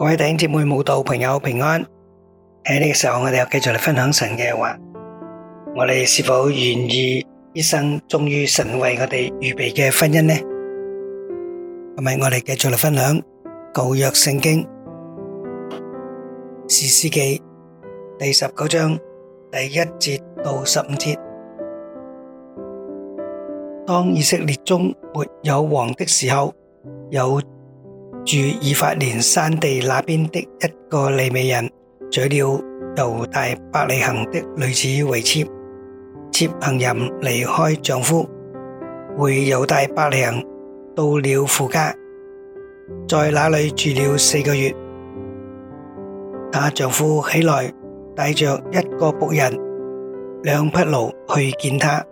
各位住以法蓮山地那邊的一個利未人,娶了猶大伯利恆的女子為妾,妾行淫離開丈夫,回猶大伯利恆到了父家,在那裏住了四個月。她丈夫起來,帶着一個僕人,兩匹驢去見她,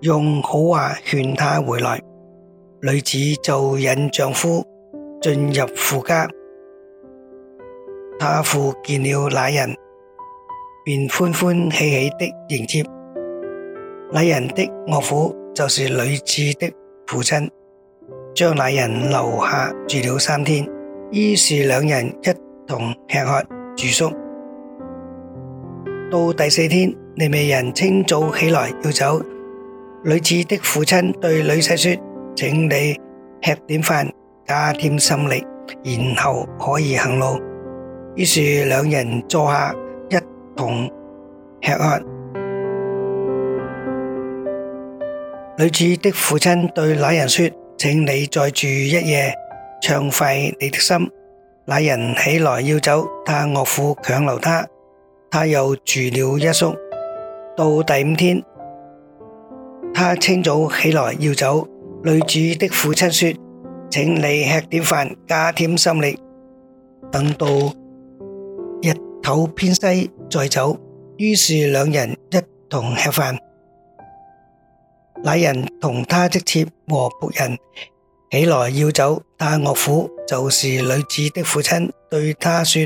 用好話勸她回來。女子就引丈夫進入父家，他父見了那人，便歡歡喜喜的迎接。那人的岳父就是女子的父親，將那人留下住了三天。於是兩人一同吃喝住宿。到第四天，利未人清早起來要走，女子的父親對女婿說：請你吃點飯。加添心力，然後可以行路。於是兩人坐下一同吃喝。女子的父親對那人說：請你再住一夜，暢快你的心。那人起來要走，他岳父強留他，他又住了一宿。到第五天，他清早起來要走，女子的父親說。請你吃點飯，加添心力。等到日頭偏西再走。於是兩人一同吃飯。那人同他即切和僕人起來要走，但岳父就是女子的父親，對他說：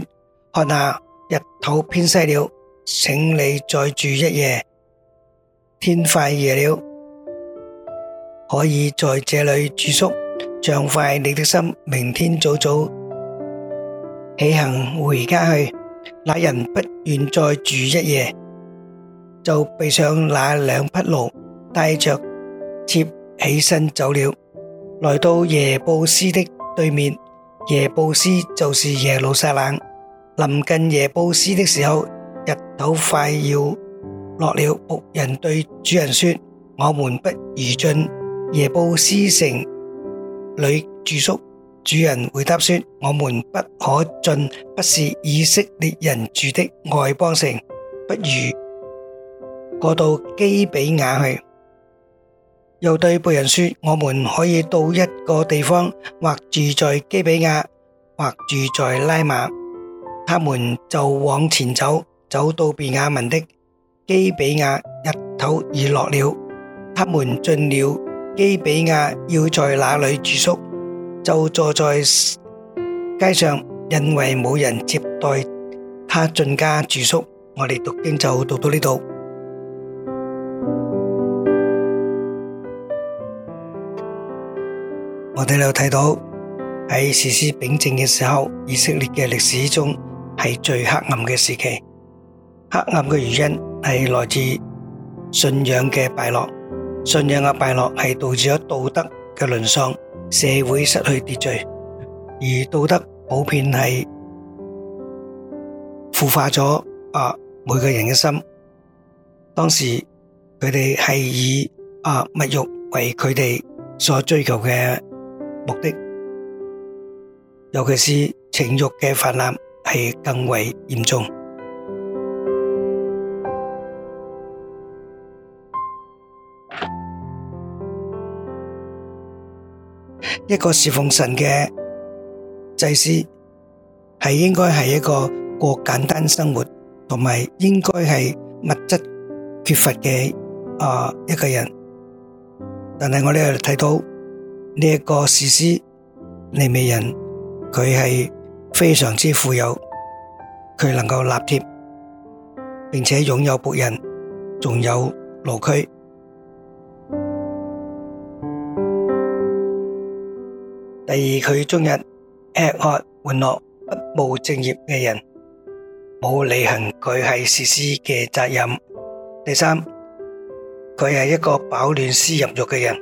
看啊，日頭偏西了，請你再住一夜。天快夜了，可以在這裏住宿。暢快你的心，明天早早。裏住宿，主人回答說：我們不可進，不是以色列人住的外邦城，不如過到基比亞去。又對僕人說：我們可以到一個地方，或住在基比亞，或住在拉瑪，他們就往前走，走到便雅憫的基比亞，日頭已落了，他們進了。基比亞要在哪裏住宿，就坐在街上，因為沒有人接待他進家住宿，我們讀經就讀到這裏。我們看到，在士師秉政的時候，以色列的歷史中是最黑暗的時期。黑暗的原因是來自信仰的敗落。 信仰的敗落是導致了道德的淪喪，社會失去秩序，而道德普遍是腐化了，啊，每個人的心。當時，他們是以啊,物慾為他們所追求的目的。尤其是，情欲的泛濫是更為嚴重。一個侍奉神嘅祭司，係應該係一個過簡單生活，同埋應該係物質缺乏嘅啊一個人。但係我哋睇到呢一個士師利未人，佢係非常之富有，佢能夠立妾，並且擁有僕人，仲有奴婢。第二，佢終日吃喝玩樂，不務正業嘅人，冇履行佢係祭司嘅責任。第三，佢係一個飽暖思淫欲嘅人，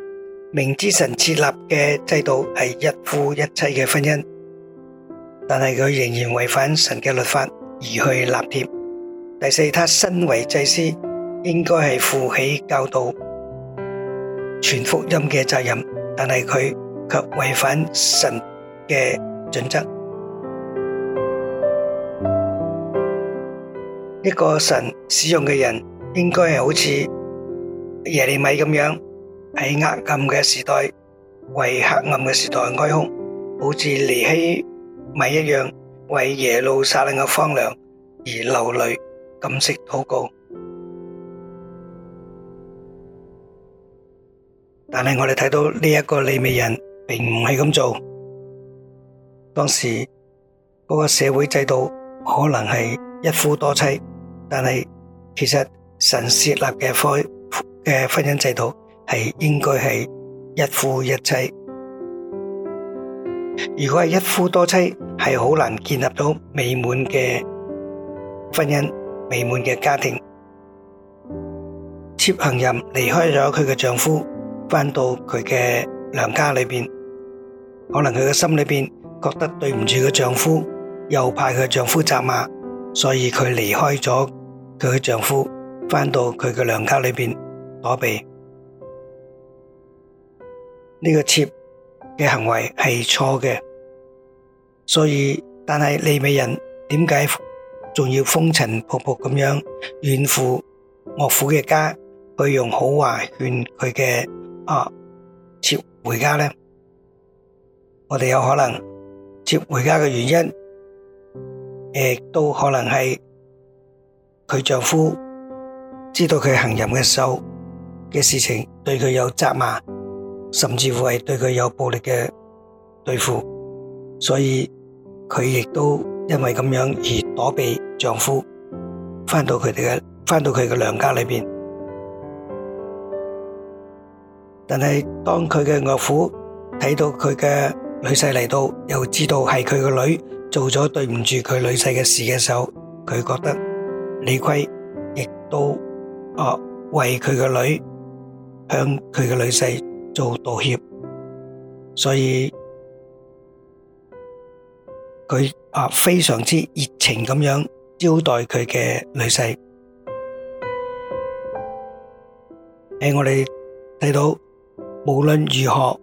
明知神設立嘅制度係一夫一妻嘅婚姻，但係佢仍然違反神嘅律法而去納妾。第四，他身為祭司，應該係負起教導全福音嘅責任，但係佢。卻違反神嘅準則，一個神使用嘅人應該係好似耶利米咁樣，喺黑暗嘅時代、為黑暗嘅時代哀哭，好似尼希米一樣，為耶路撒冷嘅荒涼而流淚、禁食禱告。但係我哋睇到呢一個利未人。並唔係咁做，當時嗰個社會制度可能係一夫多妻，但係其實神設立嘅婚嘅婚姻制度係應該係一夫一妻。如果係一夫多妻，係好難建立到美滿嘅婚姻，美滿嘅家庭。妾行人離開咗佢嘅丈夫，翻到佢嘅。娘家裏邊，可能佢嘅心裏邊覺得對唔住佢丈夫，又怕佢丈夫責罵，所以佢離開咗佢嘅丈夫，翻到佢嘅娘家裏邊躲避。呢個妾嘅行為係錯嘅，所以但係李美人點解仲要風塵僕僕咁樣遠赴岳父嘅家，去用好話勸佢嘅啊妾？回家呢，我哋有可能接回家嘅原因，誒，都可能係佢丈夫知道佢行淫嘅時候嘅事情，對佢有責罵，甚至乎係對佢有暴力嘅對付，所以佢亦都因為咁樣而躲避丈夫，翻到佢哋嘅翻到佢嘅娘家裏邊。但係，當佢嘅岳父睇到佢嘅女婿嚟到，又知道係佢個女做咗對唔住佢女婿嘅事嘅時候，佢覺得理虧，亦都啊為佢個女向佢嘅女婿做道歉，所以佢啊非常之熱情咁樣招待佢嘅女婿。喺我哋睇到。無論如何，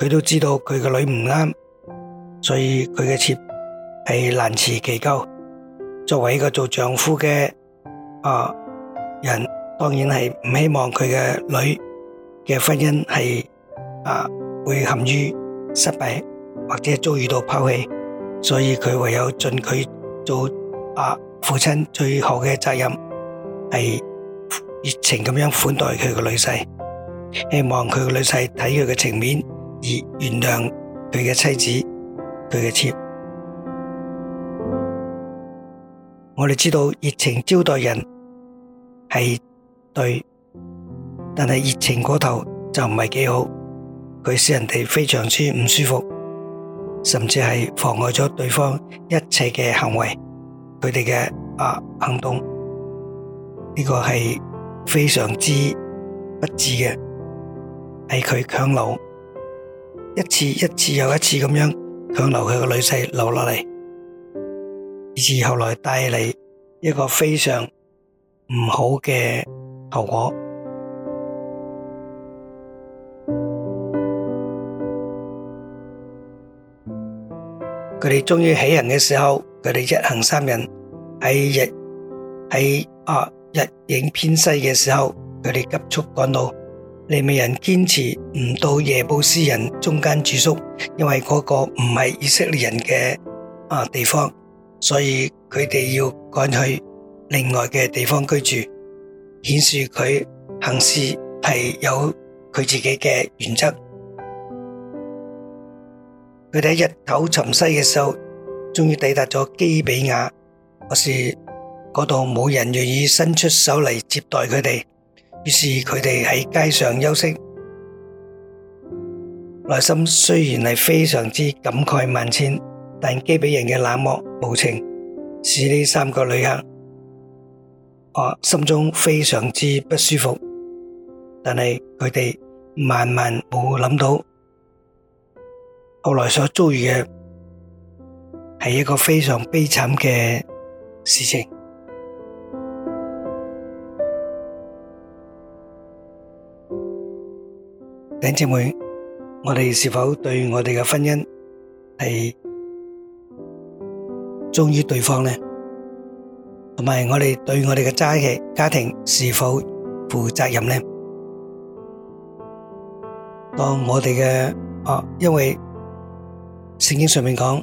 佢都知道佢個女唔啱，所以佢嘅設係難辭其咎。作為一個做丈夫嘅啊人，當然係唔希望佢嘅女嘅婚姻係啊會陷於失敗或者遭遇到拋棄，所以佢唯有盡佢做啊父親最後嘅責任，係熱情咁樣款待佢嘅女婿。希望佢個女婿睇佢嘅情面而原諒佢嘅妻子，佢嘅妾。我哋知道熱情招待人係對，但係熱情過頭就唔係幾好。佢使人哋非常之唔舒服，甚至係妨礙咗對方一切嘅行為，佢哋嘅啊行動呢個係非常之不智嘅。係佢強留，一次一次又一次咁樣強留佢個女婿留落嚟，以致後來帶嚟一個非常唔好嘅後果。佢哋終於起行嘅時候，佢哋一行三人喺日喺啊日影偏西嘅時候，佢哋急速趕到。利未人堅持唔到耶布斯人中間住宿，因為嗰個唔係以色列人嘅啊地方，所以佢哋要趕去另外嘅地方居住，顯示佢行事係有佢自己嘅原則。佢哋喺日頭沉西嘅時候，終於抵達咗基比亞，可是嗰度冇人願意伸出手嚟接待佢哋。於是佢哋喺街上休息，內心雖然係非常之感慨萬千，但基比人嘅冷漠無情，使呢三個旅客啊心中非常之不舒服。但係佢哋萬萬冇諗到，後來所遭遇嘅係一個非常悲慘嘅事情。姐姐妹，我哋是否對我哋嘅婚姻係忠於對方呢？同埋我哋對我哋嘅齋期家庭是否負責任呢？當我哋嘅啊，因為聖經上面講，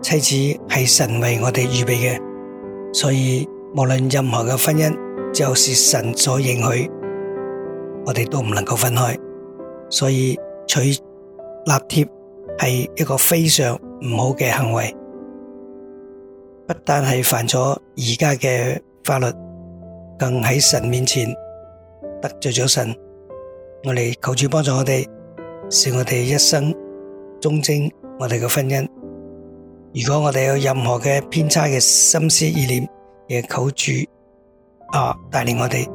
妻子係神為我哋預備嘅，所以無論任何嘅婚姻，就是神所應許。我哋都唔能夠分開，所以娶納妾係一個非常唔好嘅行為，不單係犯咗而家嘅法律，更喺神面前得罪咗神。我哋求主幫助我哋，使我哋一生忠貞我哋嘅婚姻。如果我哋有任何嘅偏差嘅心思意念，也求主啊帶領我哋，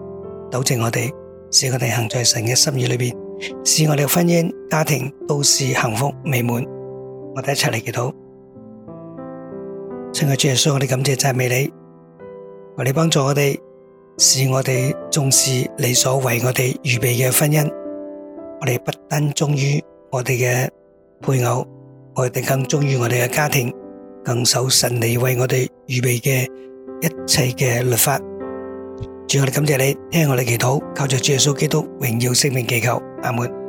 糾正我哋。使我哋行在神嘅心意裏邊，使我哋嘅婚姻家庭都是幸福美滿。我哋一齊嚟祈禱。親愛主耶穌，我哋感謝讚美你，為你幫助我哋，使我哋重視你所為我哋預備嘅婚姻。我哋不單忠於我哋嘅配偶，我哋更忠於我哋嘅家庭，更守神你為我哋預備嘅一切嘅律法。最後感謝你，聽我哋祈禱，靠着主耶穌基督榮耀生命祈求，阿門。